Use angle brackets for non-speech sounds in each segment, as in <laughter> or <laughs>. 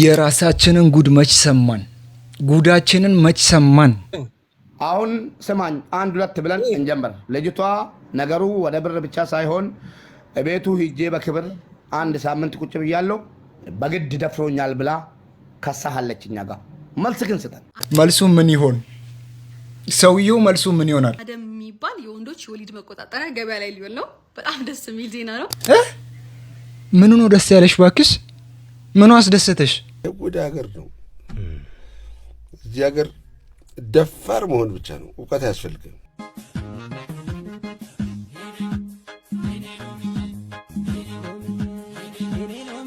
የራሳችንን ጉድ መች ሰማን? ጉዳችንን መች ሰማን? አሁን ስማኝ፣ አንድ ሁለት ብለን እንጀምር። ልጅቷ ነገሩ ወደ ብር ብቻ ሳይሆን ቤቱ ሂጄ በክብር አንድ ሳምንት ቁጭ ብያለሁ፣ በግድ ደፍሮኛል ብላ ከሳሃለች። እኛ ጋር መልስ ግን ስጠን። መልሱ ምን ይሆን? ሰውየው መልሱ ምን ይሆናል? አደም የሚባል የወንዶች የወሊድ መቆጣጠሪያ ገበያ ላይ ሊሆን ነው። በጣም ደስ የሚል ዜና ነው። ምኑ ነው ደስ ያለሽ? ባክሽ ምኑ አስደሰተሽ? የሚወስደው ወደ ሀገር ነው። እዚህ ሀገር ደፋር መሆን ብቻ ነው፣ እውቀት አያስፈልግም።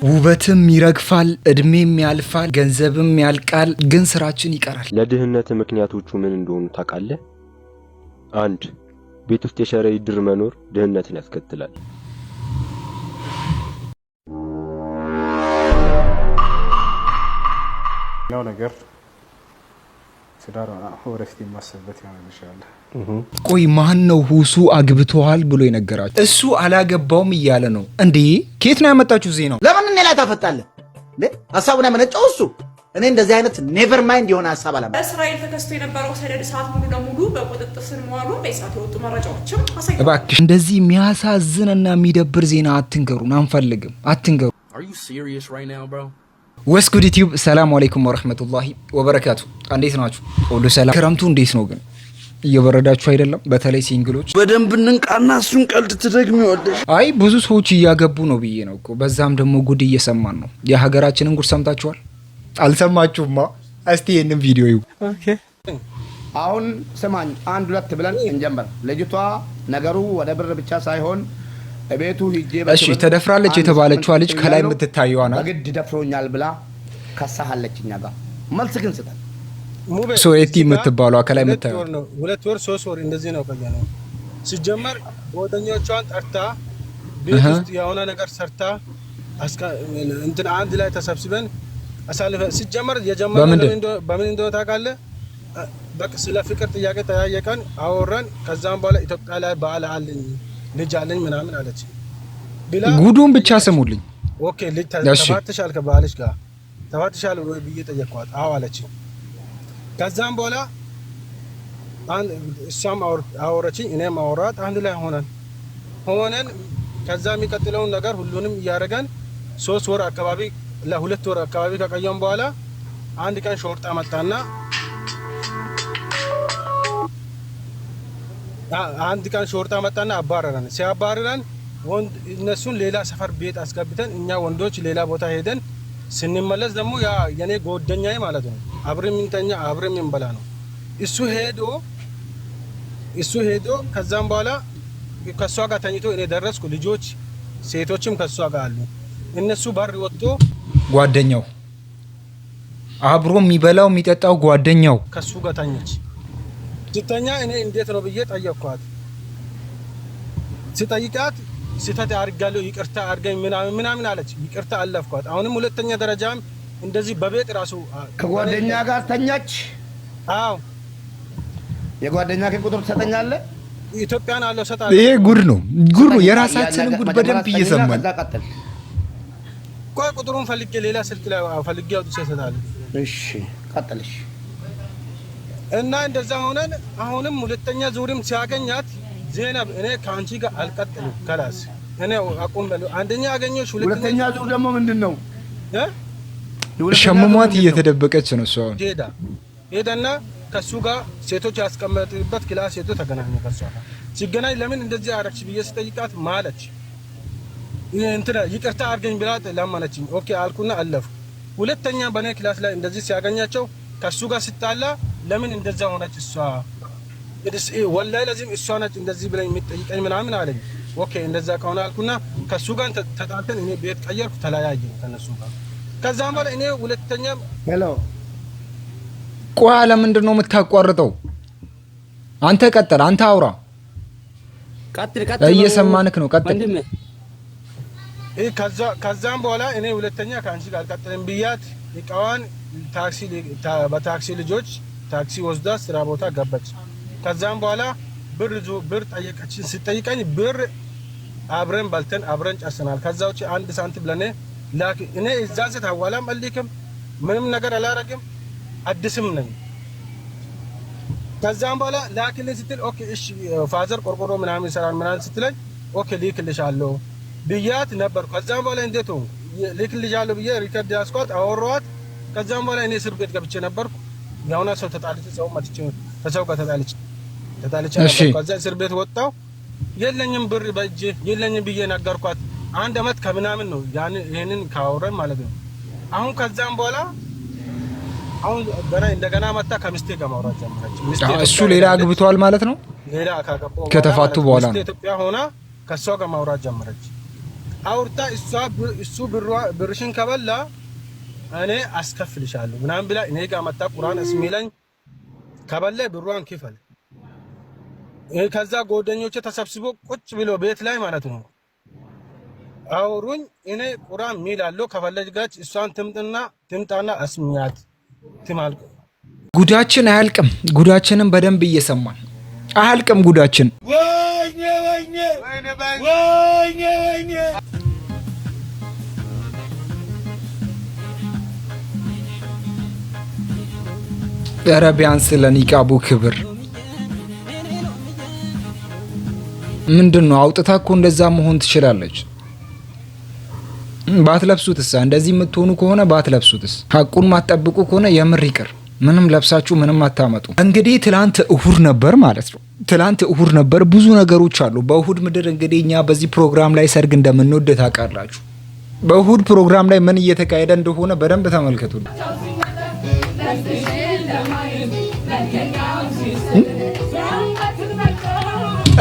ውበትም ይረግፋል፣ እድሜም ያልፋል፣ ገንዘብም ያልቃል፣ ግን ስራችን ይቀራል። ለድህነት ምክንያቶቹ ምን እንደሆኑ ታውቃለህ? አንድ ቤት ውስጥ የሸረሪት ድር መኖር ድህነትን ያስከትላል። ያው ነገር ትዳር ወደፊት የማስብበት ይሆናል። ቆይ ማን ነው ሁሱ አግብተዋል ብሎ የነገራቸው? እሱ አላገባውም እያለ ነው እንዴ? ከየት ነው ያመጣችሁ ዜናው? ለምን እኔ ላይ ታፈጣለህ? ሀሳቡን ያመነጨው እሱ እኔ እንደዚህ አይነት ኔቨር ማይንድ የሆነ ሀሳብ አለ። በእስራኤል ተከስቶ የነበረው ሰደድ እሳት ሙሉ ለሙሉ በቁጥጥር ስር መዋሉ በእሳት የወጡ መረጃዎችም አሳይ። እባክሽ እንደዚህ የሚያሳዝንና የሚደብር ዜና አትንገሩን አንፈልግም፣ አትንገሩ ወስጉድ ዩቲዩብ ሰላም አለይኩም ወረህመቱላሂ ወበረካቱ። እንዴት ናችሁ? ሁሉ ሰላም። ክረምቱ እንዴት ነው ግን? እየበረዳችሁ አይደለም? በተለይ ሲንግሎች በደንብ እንንቃና እሱን ቀልድ ትደግሚ ይወደሽ። አይ ብዙ ሰዎች እያገቡ ነው ብዬ ነው እኮ። በዛም ደግሞ ጉድ እየሰማን ነው። የሀገራችንን ጉድ ሰምታችኋል? አልሰማችሁማ? እስቲ ይህንን ቪዲዮ ይሁ። አሁን ስማኝ፣ አንድ ሁለት ብለን እንጀምር። ልጅቷ ነገሩ ወደ ብር ብቻ ሳይሆን እሺ ተደፍራለች የተባለችዋ ልጅ ከላይ የምትታየዋ ናት። በግድ ደፍሮኛል ብላ ከሳሃለች እኛ ጋር መልስ ግን ስጠን። ሶቲ የምትባሏ ከላይ የምታየው ሁለት ወር ሶስት ወር እንደዚህ ነው ቆየ ነው ሲጀመር ጓደኞቿን ጠርታ ቤት ውስጥ የሆነ ነገር ሰርታ እንትን አንድ ላይ ተሰብስበን አሳልፈ ሲጀመር የጀመረ በምን እንደሆነ ታውቃለህ? በቃ ስለ ፍቅር ጥያቄ ተያየቀን፣ አወራን። ከዛም በኋላ ኢትዮጵያ ላይ በዓል አለኝ ልጅ አለኝ ምናምን አለች። ጉዱን ብቻ ስሙልኝ። ኦኬ ልጅ ተፋትሻል ከባለች ጋር ተፋትሻል ወይ ብዬ ጠየቅኳት። አዎ አለች። ከዛም በኋላ እሷም አወረችኝ፣ እኔም አወራት። አንድ ላይ ሆነን ሆነን ከዛ የሚቀጥለውን ነገር ሁሉንም እያደረገን ሶስት ወር አካባቢ ለሁለት ወር አካባቢ ከቀየም በኋላ አንድ ቀን ሾርጣ መጣና አንድ ቀን ሾርጣ መጣና አባረረን። ሲያባረረን ወንድ እነሱን ሌላ ሰፈር ቤት አስገብተን እኛ ወንዶች ሌላ ቦታ ሄደን ስንመለስ ደግሞ ያ የኔ ጎደኛዬ ማለት ነው አብረን የምንተኛ አብረን የምንበላ ነው እሱ ሄዶ እሱ ሄዶ ከዛም በኋላ ከእሷ ጋር ተኝቶ እኔ ደረስኩ። ልጆች ሴቶችም ከእሷ ጋር አሉ። እነሱ በር ወጥቶ ጓደኛው አብሮ የሚበላው የሚጠጣው ጓደኛው ከሱ ጋር ተኛች። ስተኛ እኔ እንዴት ነው ብዬ ጠየቅኳት። ስጠይቃት ስህተት አድርጋለሁ ይቅርታ አድርገኝ ምናምን ምናምን አለች። ይቅርታ አለፍኳት። አሁንም ሁለተኛ ደረጃም እንደዚህ በቤት ራሱ ከጓደኛ ጋር ተኛች። አዎ የጓደኛ ቁጥር ትሰጠኛለህ። ኢትዮጵያን አለው ሰጣለሁ። ይሄ ጉድ ነው፣ ጉድ ነው። የራሳችንን ጉድ በደንብ እየሰማን ቆይ፣ ቁጥሩን ፈልጌ ሌላ ስልክ ላይ ፈልጌ አውጥቼ እሰጣለሁ። እሺ፣ ቀጥል። እሺ ቀጥል እና እንደዛ ሆነን አሁንም ሁለተኛ ዙሪም ሲያገኛት ዜናብ እኔ ከአንቺ ጋር አልቀጥልም ከላስ እኔ አቁም አንደኛ አገኘሽ ሁለተኛ ዙር ደግሞ ምንድን ነው ሸምሟት እየተደበቀች ነው እሷ ሄዳ ሄደና ከሱ ጋር ሴቶች ያስቀመጥበት ክላስ ሄዶ ተገናኘ ከሷ ጋር ሲገናኝ ለምን እንደዚህ አረግሽ ብዬ ስጠይቃት ማለች እንትና ይቅርታ አድርገኝ ብላ ለማነችኝ ኦኬ አልኩና አለፉ ሁለተኛ በእኔ ክላስ ላይ እንደዚህ ሲያገኛቸው ከሱ ጋር ስጣላ ለምን እንደዛ ሆነች እሷ ወላይ ለዚህም እሷ ነች እንደዚህ ብለኝ የምትጠይቀኝ ምናምን አለኝ። ኦኬ እንደዛ ከሆነ አልኩና ከሱ ጋር ተጣልተን እኔ ቤት ቀየርኩ፣ ተለያየን ከነሱ ጋር። ከዛም በኋላ እኔ ሁለተኛ ሄሎ፣ ቆያ ለምንድን ነው የምታቋርጠው? አንተ ቀጥል፣ አንተ አውራ፣ እየሰማንክ ነው፣ ቀጥል። ከዛም በኋላ እኔ ሁለተኛ ከአንቺ ጋር አልቀጥልም ብያት እቃዋን ታክሲ በታክሲ ልጆች ታክሲ ወስዳ ስራ ቦታ ገባች። ከዛም በኋላ ብር ብር ጠየቀችን። ስጠይቀኝ ብር አብረን በልተን አብረን ጨርሰናል። ከዛ ውጭ አንድ ሳንቲም ለእኔ ላኪ። እኔ እዛ ሴት አዋላም አልክም፣ ምንም ነገር አላረግም፣ አዲስም ነኝ። ከዛም በኋላ ላክልን ስትል ኦኬ እሺ፣ ፋዘር ቆርቆሮ ምናምን ይሰራል ምናምን ስትለኝ ኦኬ ልክልሻለሁ ብያት ነበር። ከዛም በኋላ እንዴት ሆንኩ? ልክልሻለሁ ብዬ ሪከርድ ያስኳት አወሯት። ከዛም በኋላ እኔ እስር ቤት ገብቼ ነበርኩ። የሆነ ሰው ተጣልቼ ሰው መጥቼ ከሰው ጋር ተጣልቼ ተጣልቼ ከዛ እስር ቤት ወጣሁ። የለኝም ብር በእጄ የለኝም ብዬ ነገርኳት። አንድ አመት ከምናምን ነው ያን ይሄንን ካወረን ማለት ነው። አሁን ከዛም በኋላ አሁን ገና እንደገና መጣ ከሚስቴ ጋር ማውራት ጀመረች። እሱ ሌላ አግብቷል ማለት ነው። ሌላ ካገባው ከተፋቱ በኋላ ነው ኢትዮጵያ ሆና ከሷ ጋር ማውራት ጀመረች። አውርታ እሷ እሱ ብርሽን ከበላ እኔ አስከፍልሻለሁ ምናምን ብላ እኔ ጋር መጣ። ቁርአን እስሚለኝ ከበላይ ብሯን ክፈል። ከዛ ጓደኞቼ ተሰብስቦ ቁጭ ብሎ ቤት ላይ ማለት ነው አውሩኝ። እኔ ቁርአን ሚላለሁ ከፈለጅ ጋች እሷን ትምጥና ትምጣና አስሚያት ትማልቁ። ጉዳችን አያልቅም። ጉዳችንም በደንብ እየሰማን አያልቅም ጉዳችን ኧረ ቢያንስ ለኒቃቡ ክብር ምንድን ነው? አውጥታ እኮ እንደዛ መሆን ትችላለች። ባትለብሱትስ? እንደዚህ የምትሆኑ ከሆነ ባትለብሱትስ? ሀቁን ማትጠብቁ ከሆነ የምር ይቅር። ምንም ለብሳችሁ ምንም አታመጡ። እንግዲህ ትላንት እሁድ ነበር ማለት ነው። ትላንት እሁድ ነበር። ብዙ ነገሮች አሉ። በእሁድ ምድር እንግዲህ እኛ በዚህ ፕሮግራም ላይ ሰርግ እንደምንወድ ታውቃላችሁ። በእሁድ ፕሮግራም ላይ ምን እየተካሄደ እንደሆነ በደንብ ተመልከቱ።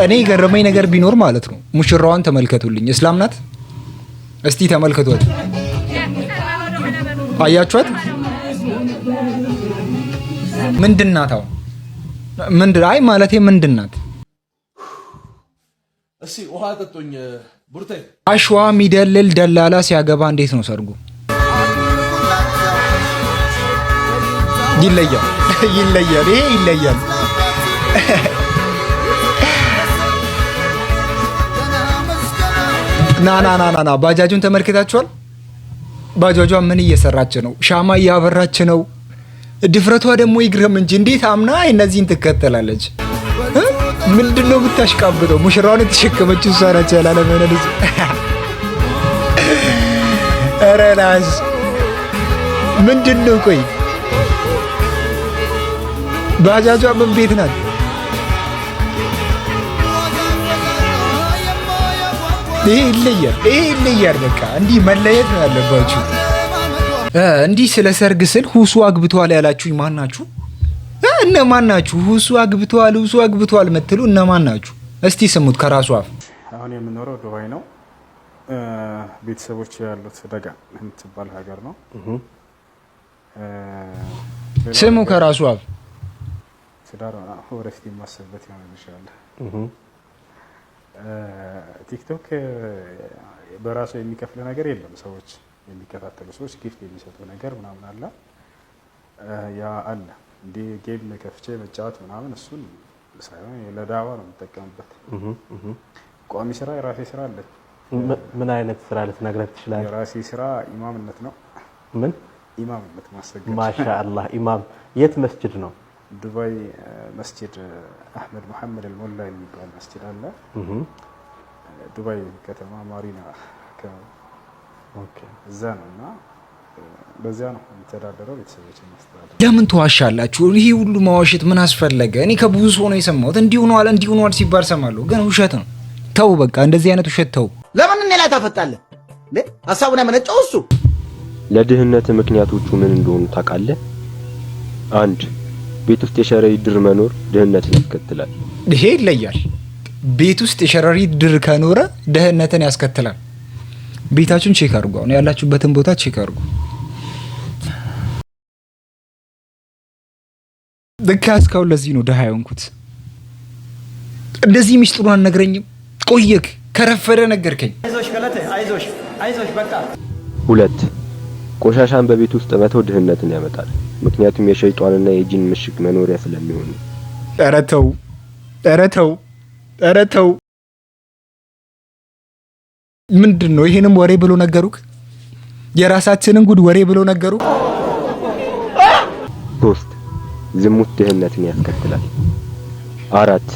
እኔ የገረመኝ ነገር ቢኖር ማለት ነው ሙሽራዋን ተመልከቱልኝ። እስላም ናት። እስቲ ተመልከቷት። አያችኋት? ምንድን ናት? አሁን ምንድን አይ ማለቴ ምንድን ናት? አሸዋ የሚደልል ደላላ ሲያገባ እንዴት ነው ሰርጉ? ይለያል <laughs> ይለያል ይሄ ይለያል። <laughs> ና ና ና ና ባጃጁን ተመልክታችኋል? ባጃጇ ምን እየሰራች ነው? ሻማ እያበራች ነው። ድፍረቷ ደግሞ ይግረም እንጂ እንዴት አምና እነዚህን ትከተላለች? ምንድነው ነው የምታሽቃብጠው? ሙሽራውን የተሸከመችው እሷ ናት። ያላለመነ ልጅ <laughs> ረናስ ምንድን ቆይ ባጃጇ ምን ቤት ናት? ይሄ ይለያል፣ ይሄ ይለያል። በቃ እንዲህ መለየት ነው ያለባችሁ። እንዲህ ስለ ሰርግ ስል ሁሱ አግብተዋል ያላችሁኝ ማን ናችሁ? እነማን ናችሁ? ሁሱ አግብተዋል፣ ሁሱ አግብተዋል የምትሉ እነማን ናችሁ? እስቲ ስሙት ከራሱ አፍ። አሁን የምኖረው ዱባይ ነው። ቤተሰቦች ያሉት ደጋ የምትባል ሀገር ነው። ስሙ ከራሱ አፍ ትዳር ወደፊት የማስብበት ይሆናል እንሻላህ። ቲክቶክ በራሱ የሚከፍል ነገር የለም። ሰዎች የሚከታተሉ ሰዎች ጊፍት የሚሰጡ ነገር ምናምን አለ፣ ያ አለ። እንዲህ ጌም ከፍቼ መጫወት ምናምን እሱን ሳይሆን ለዳዋ ነው የምጠቀምበት። ቋሚ ስራ የራሴ ስራ አለኝ። ምን አይነት ስራ ልትነግረን ትችላለህ? የራሴ ስራ ኢማምነት ነው። ምን ኢማምነት? ማሰገድ። ማሻአላህ ኢማም የት መስጅድ ነው? ዱባይ መስጂድ አህመድ መሐመድ አልሞላ የሚባል መስጂድ አለ። ዱባይ ከተማ ማሪና እዛ ነው እና በዚያ ነው የሚተዳደረው። ቤተሰቦች ማስተዳደር ለምን ተዋሻላችሁ? ይሄ ሁሉ ማዋሸት ምን አስፈለገ? እኔ ከብዙ ሰው ነው የሰማሁት። እንዲሁ ነዋል እንዲሁ ነዋል ሲባል ሰማለሁ፣ ግን ውሸት ነው። ተው በቃ እንደዚህ አይነት ውሸት ተው። ለምን እኔ ላይ ታፈጣለህ? ሀሳቡን ያመነጨው እሱ። ለድህነት ምክንያቶቹ ምን እንደሆኑ ታውቃለህ? አንድ ቤት ውስጥ የሸረሪት ድር መኖር ድህነትን ያስከትላል። ይሄ ይለያል። ቤት ውስጥ የሸረሪ ድር ከኖረ ድህነትን ያስከትላል። ቤታችሁን ቼክ አድርጉ። አሁን ያላችሁበትን ቦታ ቼክ አድርጉ። በቃ እስካሁን ለዚህ ነው ደሃ የሆንኩት። እንደዚህ ሚስጥሩን አልነግረኝም። ቆየክ ከረፈደ ነገርከኝ። አይዞሽ ገለቴ፣ አይዞሽ፣ አይዞሽ። በቃ ሁለት ቆሻሻን በቤት ውስጥ መተው ድህነትን ያመጣል። ምክንያቱም የሸይጧንና የጂን ምሽግ መኖሪያ ስለሚሆኑ። ኧረ ተው! ኧረ ተው! ኧረ ተው! ምንድን ነው? ይሄንም ወሬ ብሎ ነገሩክ? የራሳችንን ጉድ ወሬ ብሎ ነገሩክ? ሶስት ዝሙት ድህነትን ያስከትላል። አራት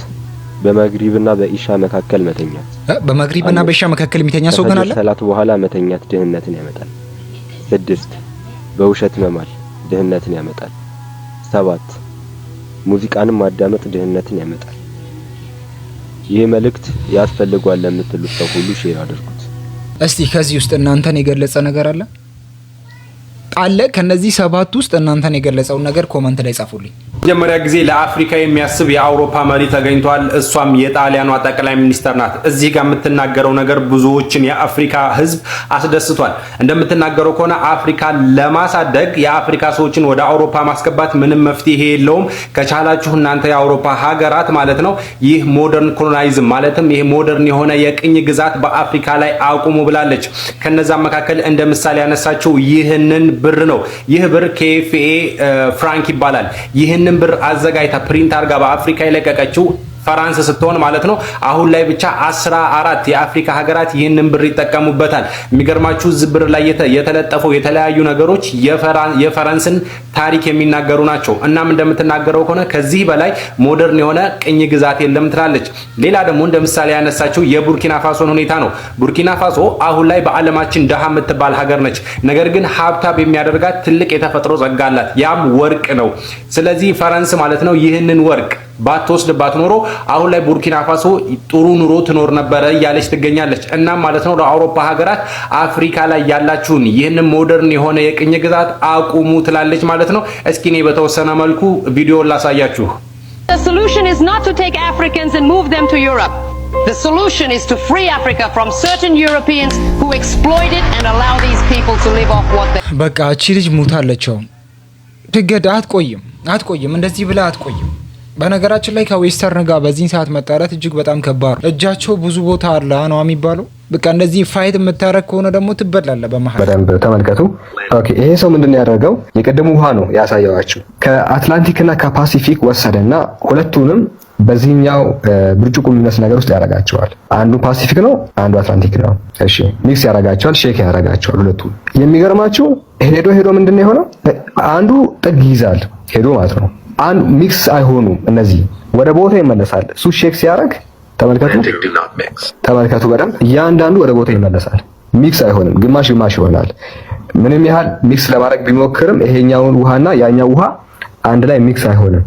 በመግሪብና በኢሻ መካከል መተኛት። በመግሪብና በኢሻ መካከል የሚተኛ ሰው ግን አለ። ሰላት በኋላ መተኛት ድህነትን ያመጣል። ስድስት በውሸት መማል ድህነትን ያመጣል። ሰባት ሙዚቃንም ማዳመጥ ድህነትን ያመጣል። ይህ መልእክት ያስፈልጓል ለምትሉት ሰው ሁሉ ሼር አድርጉት። እስቲ ከዚህ ውስጥ እናንተን የገለጸ ነገር አለ አለ ከነዚህ ሰባት ውስጥ እናንተን የገለጸውን ነገር ኮመንት ላይ ጻፉልኝ። መጀመሪያ ጊዜ ለአፍሪካ የሚያስብ የአውሮፓ መሪ ተገኝቷል። እሷም የጣሊያኗ ጠቅላይ ሚኒስተር ናት። እዚህ ጋር የምትናገረው ነገር ብዙዎችን የአፍሪካ ሕዝብ አስደስቷል። እንደምትናገረው ከሆነ አፍሪካ ለማሳደግ የአፍሪካ ሰዎችን ወደ አውሮፓ ማስገባት ምንም መፍትሄ የለውም። ከቻላችሁ እናንተ የአውሮፓ ሀገራት ማለት ነው ይህ ሞደርን ኮሎናይዝም ማለትም ይህ ሞደርን የሆነ የቅኝ ግዛት በአፍሪካ ላይ አቁሙ ብላለች። ከነዛ መካከል እንደ ምሳሌ ያነሳችው ይህንን ብር ነው። ይህ ብር ኬፍኤ ፍራንክ ይባላል። ይህን ብር አዘጋጅታ ፕሪንት አርጋ በአፍሪካ የለቀቀችው ፈራንስ ስትሆን ማለት ነው። አሁን ላይ ብቻ አስራ አራት የአፍሪካ ሀገራት ይህንን ብር ይጠቀሙበታል። የሚገርማችሁ እዚህ ብር ላይ የተለጠፈው የተለያዩ ነገሮች የፈረንስን ታሪክ የሚናገሩ ናቸው። እናም እንደምትናገረው ከሆነ ከዚህ በላይ ሞደርን የሆነ ቅኝ ግዛት የለም ትላለች። ሌላ ደግሞ እንደ ምሳሌ ያነሳችው የቡርኪና ፋሶን ሁኔታ ነው። ቡርኪና ፋሶ አሁን ላይ በዓለማችን ድሃ የምትባል ሀገር ነች። ነገር ግን ሀብታብ የሚያደርጋት ትልቅ የተፈጥሮ ጸጋ አላት። ያም ወርቅ ነው። ስለዚህ ፈረንስ ማለት ነው ይህንን ወርቅ ባትወስድባት ኖሮ አሁን ላይ ቡርኪና ፋሶ ጥሩ ኑሮ ትኖር ነበረ እያለች ትገኛለች። እና ማለት ነው ለአውሮፓ ሀገራት አፍሪካ ላይ ያላችሁን ይህንን ሞደርን የሆነ የቅኝ ግዛት አቁሙ ትላለች ማለት ነው። እስኪ እኔ በተወሰነ መልኩ ቪዲዮን ላሳያችሁ። The solution is not to take Africans and move them to Europe. The solution is to free Africa from certain Europeans who exploit it and allow these people to live off what they በቃ እቺ ልጅ ሙታለቸው ትገድ አትቆይም፣ አትቆይም እንደዚህ ብላ አትቆይም። በነገራችን ላይ ከዌስተርን ጋር በዚህን ሰዓት መጣላት እጅግ በጣም ከባድ ነው። እጃቸው ብዙ ቦታ አለ ነው የሚባለው። በቃ እንደዚህ ፋይት የምታረግ ከሆነ ደግሞ ትበላለ። በመሀል። በደንብ ተመልከቱ። ይሄ ሰው ምንድን ያደረገው? የቀደሙ ውሃ ነው ያሳየዋቸው። ከአትላንቲክና ከፓሲፊክ ወሰደና ሁለቱንም በዚህኛው ብርጭቆ የሚመስል ነገር ውስጥ ያደርጋቸዋል። አንዱ ፓሲፊክ ነው፣ አንዱ አትላንቲክ ነው። እሺ ሚክስ ያደርጋቸዋል፣ ሼክ ያደርጋቸዋል ሁለቱ። የሚገርማችሁ ሄዶ ሄዶ ምንድን ነው የሆነው? አንዱ ጥግ ይይዛል ሄዶ ማለት ነው አንድ ሚክስ አይሆኑም። እነዚህ ወደ ቦታ ይመለሳል። እሱ ሼክ ሲያደርግ ተመልከቱ፣ ተመልከቱ በደንብ እያንዳንዱ ወደ ቦታ ይመለሳል። ሚክስ አይሆንም፣ ግማሽ ግማሽ ይሆናል። ምንም ያህል ሚክስ ለማድረግ ቢሞክርም ይሄኛውን ውሃና ያኛው ውሃ አንድ ላይ ሚክስ አይሆንም።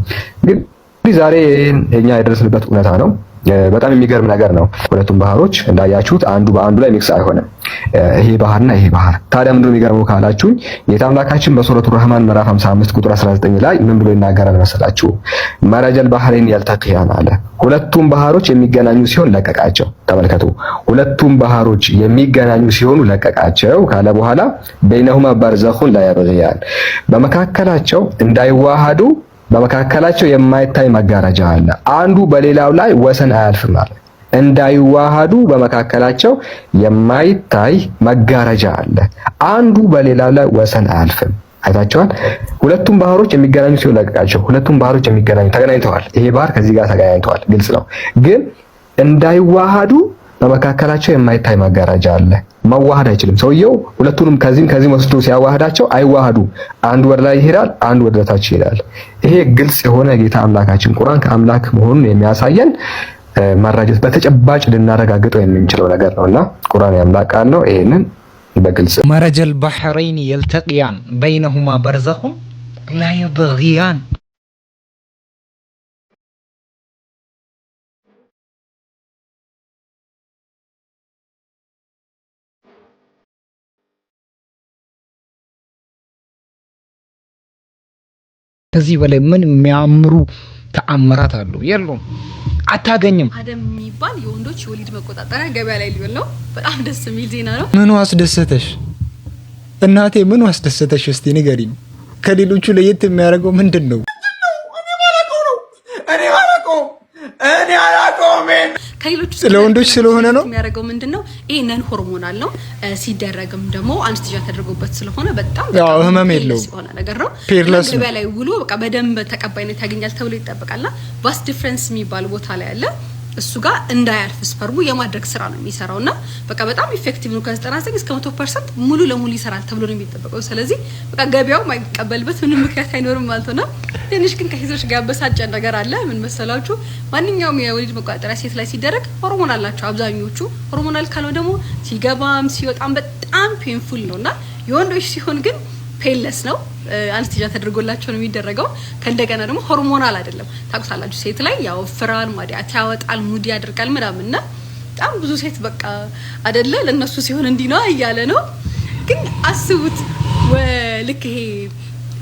ግን ዛሬ ይሄኛ የደረስንበት እውነታ ነው። በጣም የሚገርም ነገር ነው። ሁለቱም ባህሮች እንዳያችሁት አንዱ በአንዱ ላይ ሚክስ አይሆንም። ይሄ ባህርና ይሄ ባህር ታዲያ ምንድነው የሚገርመው ካላችሁኝ ጌታ አምላካችን በሱረቱ ረህማን ምዕራፍ 55 ቁጥር 19 ላይ ምን ብሎ ይናገራል መሰላችሁ? መረጀል ባህሬን ያልተቅያን አለ። ሁለቱም ባህሮች የሚገናኙ ሲሆን ለቀቃቸው። ተመልከቱ፣ ሁለቱም ባህሮች የሚገናኙ ሲሆኑ ለቀቃቸው ካለ በኋላ በይነሁማ ባርዘኹን ላይ ያበግያን በመካከላቸው እንዳይዋሃዱ በመካከላቸው የማይታይ መጋረጃ አለ። አንዱ በሌላው ላይ ወሰን አያልፍም አለ። እንዳይዋሃዱ በመካከላቸው የማይታይ መጋረጃ አለ። አንዱ በሌላው ላይ ወሰን አያልፍም። አይታቸዋል። ሁለቱም ባህሮች የሚገናኙ ሲሆን ለቀቃቸው። ሁለቱም ባህሮች የሚገናኙ ተገናኝተዋል። ይሄ ባህር ከዚህ ጋር ተገናኝተዋል። ግልጽ ነው። ግን እንዳይዋሃዱ በመካከላቸው የማይታይ መጋረጃ አለ። መዋሃድ አይችልም ሰውየው። ሁለቱንም ከዚህም ከዚህም ወስዶ ሲያዋህዳቸው አይዋሃዱ። አንድ ወደ ላይ ይሄዳል፣ አንድ ወደ ታች ይሄዳል። ይሄ ግልጽ የሆነ ጌታ አምላካችን ቁርአን ከአምላክ መሆኑን የሚያሳየን መረጃ በተጨባጭ ልናረጋግጠው የምንችለው ነገር ነውና ቁርአን የአምላክ ቃል ነው። ይሄንን በግልጽ መረጀል ባህረይን የልተቅያን በይነሁማ በርዘኹም ላይ የብጊያን ከዚህ በላይ ምን የሚያምሩ ተአምራት አሉ? የሉም፣ አታገኝም። አደም የሚባል የወንዶች የወሊድ መቆጣጠሪያ ገበያ ላይ ሊሆን ነው። በጣም ደስ የሚል ዜና ነው። ምኑ አስደሰተሽ እናቴ? ምኑ አስደሰተሽ? እስቲ ንገሪኝ። ከሌሎቹ ለየት የሚያደርገው ምንድን ነው? ከሌሎቹ ለወንዶች ስለሆነ ነው የሚያደርገው። ምንድን ነው ይሄ ነን ሆርሞናል ነው። ሲደረግም ደግሞ አንስትጃ ተደርጎበት ስለሆነ በጣም ህመም የለው ሆነ ነገር ነው። ፔርለስ ውሎ በደንብ ተቀባይነት ያገኛል ተብሎ ይጠበቃልና ቫስ ዲፍረንስ የሚባል ቦታ ላይ አለ እሱ ጋር እንዳያልፍ ስፐርሙ የማድረግ ስራ ነው የሚሰራው እና በቃ በጣም ኢፌክቲቭ ነው ከዘጠና ከ99 እስከ መቶ ፐርሰንት ሙሉ ለሙሉ ይሰራል ተብሎ ነው የሚጠበቀው። ስለዚህ በቃ ገበያው ማይቀበልበት ምንም ምክንያት አይኖርም ማለት ነው። ትንሽ ግን ከሴቶች ጋር ያበሳጨ ነገር አለ። ምን መሰላችሁ? ማንኛውም የወሊድ መቆጣጠሪያ ሴት ላይ ሲደረግ ሆርሞን አላቸው አብዛኞቹ። ሆርሞናል ካልሆነ ደግሞ ሲገባም ሲወጣም በጣም ፔንፉል ነው እና የወንዶች ሲሆን ግን ፔለስ ነው። አንስቲጃ ተደርጎላቸው ነው የሚደረገው። ከእንደገና ደግሞ ሆርሞናል አይደለም። ታቁታላችሁ፣ ሴት ላይ ያው ፍራን ማዲያት ያወጣል፣ ሙድ ያደርጋል ምናምን እና በጣም ብዙ ሴት በቃ አደለ ለእነሱ ሲሆን እንዲህ ነው እያለ ነው። ግን አስቡት ልክ ይሄ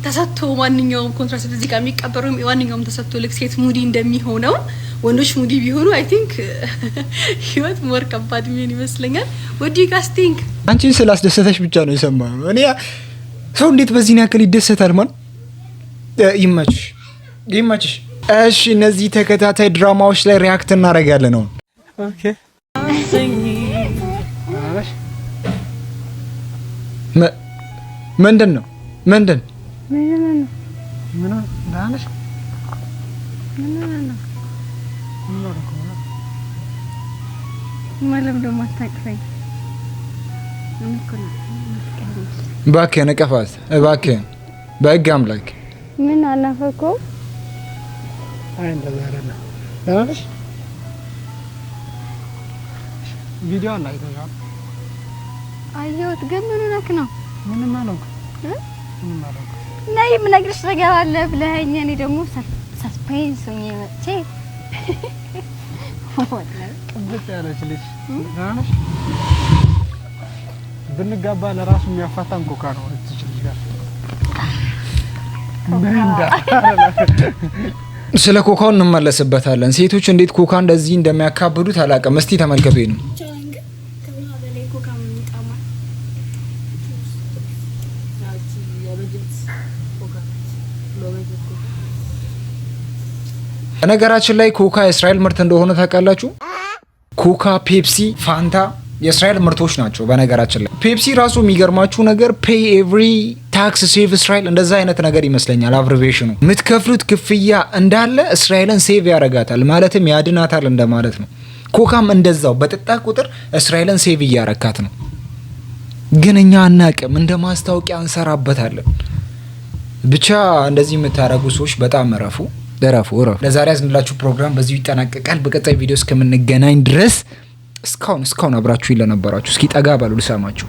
ተሰጥቶ ማንኛውም ኮንትራሴፕት እዚህ ጋር የሚቀበሩ ማንኛውም ተሰጥቶ ልክ ሴት ሙዲ እንደሚሆነው ወንዶች ሙዲ ቢሆኑ አይ ቲንክ <laughs> ህይወት ሞር ከባድ የሚሆን ይመስለኛል። ወዲ ጋስ ቲንክ አንቺን ስላስደሰተሽ ብቻ ነው የሰማ እኔ ሰው እንዴት በዚህን ያክል ይደሰታል? ማን ይመችሽ፣ ይመችሽ። እሺ፣ እነዚህ ተከታታይ ድራማዎች ላይ ሪያክት እናደርጋለን። ነው ምንድን ነው ምንድን ምንም ደግሞ አታቅፈኝ እባክህን እቀፋት፣ እባክህን በህግ አምላክ። ምን አናፈኮ ቪዲዮ አለ አየሁት፣ ግን ምን ሆነክ ነው? ምንም ነይ የምነግርሽ ነገር አለ ብለኸኝ እኔ ደግሞ ሰስፔንስ ሆኜ መጥቼ <laughs> ያለች ልጅ ብንጋባ ለራሱ የሚያፋታን ኮካ ነው። ልጅ ጋር <laughs> ስለ ኮካው እንመለስበታለን። ሴቶች እንዴት ኮካ እንደዚህ እንደሚያካብዱት አላውቅም። እስቲ ተመልከቱ ነው በነገራችን ላይ ኮካ የእስራኤል ምርት እንደሆነ ታውቃላችሁ። ኮካ፣ ፔፕሲ፣ ፋንታ የእስራኤል ምርቶች ናቸው። በነገራችን ላይ ፔፕሲ ራሱ የሚገርማችሁ ነገር ፔይ ኤቭሪ ታክስ ሴቭ እስራኤል እንደዛ አይነት ነገር ይመስለኛል። አብሪቬሽኑ የምትከፍሉት ክፍያ እንዳለ እስራኤልን ሴቭ ያረጋታል፣ ማለትም ያድናታል እንደማለት ነው። ኮካም እንደዛው በጠጣ ቁጥር እስራኤልን ሴቭ እያረካት ነው። ግን እኛ አናቅም፣ እንደ ማስታወቂያ እንሰራበታለን። ብቻ እንደዚህ የምታደርጉ ሰዎች በጣም እረፉ፣ ረፉ ረፉ። ለዛሬ ያዝንላችሁ ፕሮግራም በዚሁ ይጠናቀቃል። በቀጣይ ቪዲዮ እስከምንገናኝ ድረስ እስካሁን እስካሁን አብራችሁ ለነበራችሁ እስኪ ጠጋ በሉ ልሰማችሁ